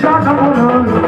Shut up,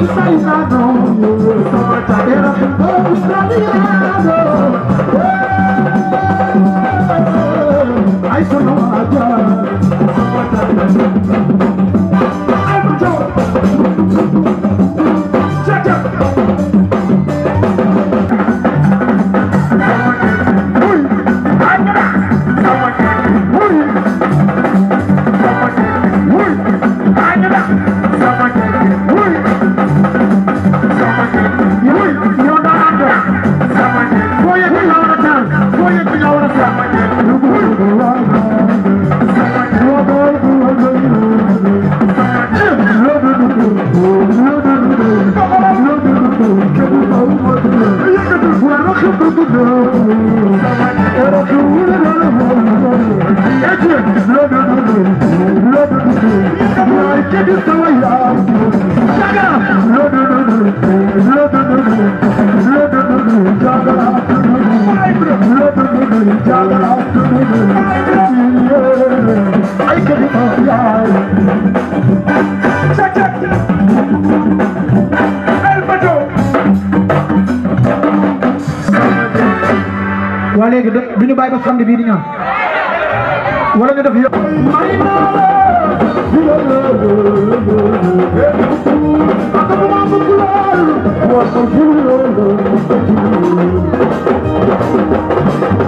Está guisado, está cadeira, está estragado Thank you. waa léegi du ñu bàyyi ba samedi bii di ñëw wala ñu def yëpp. Thank you.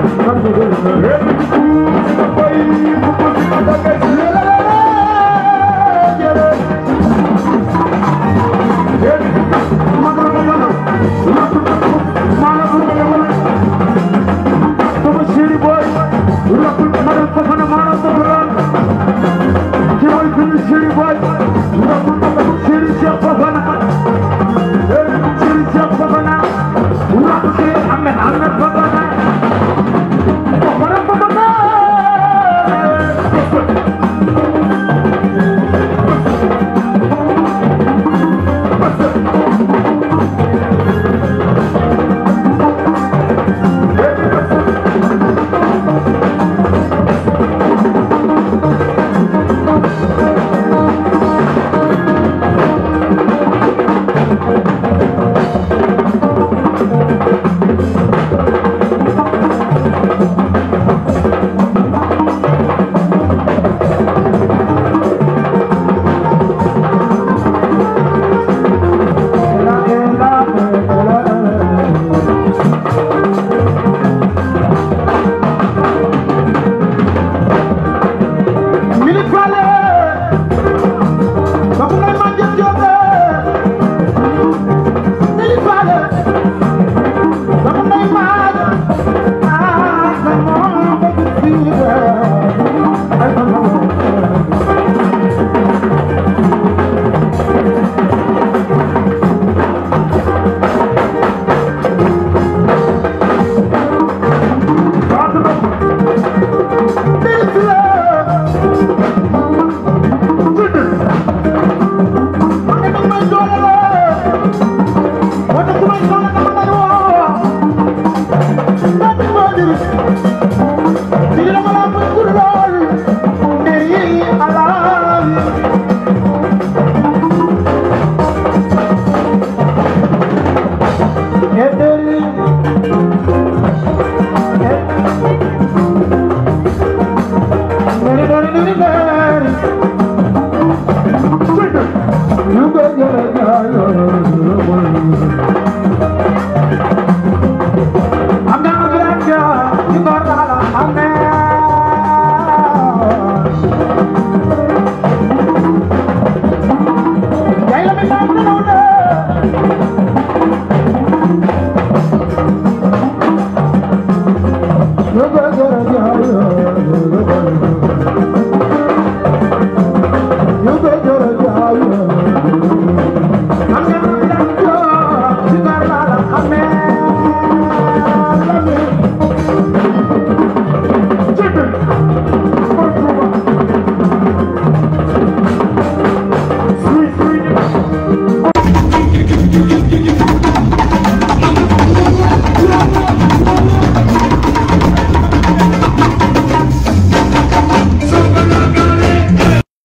Bora, bora, bora,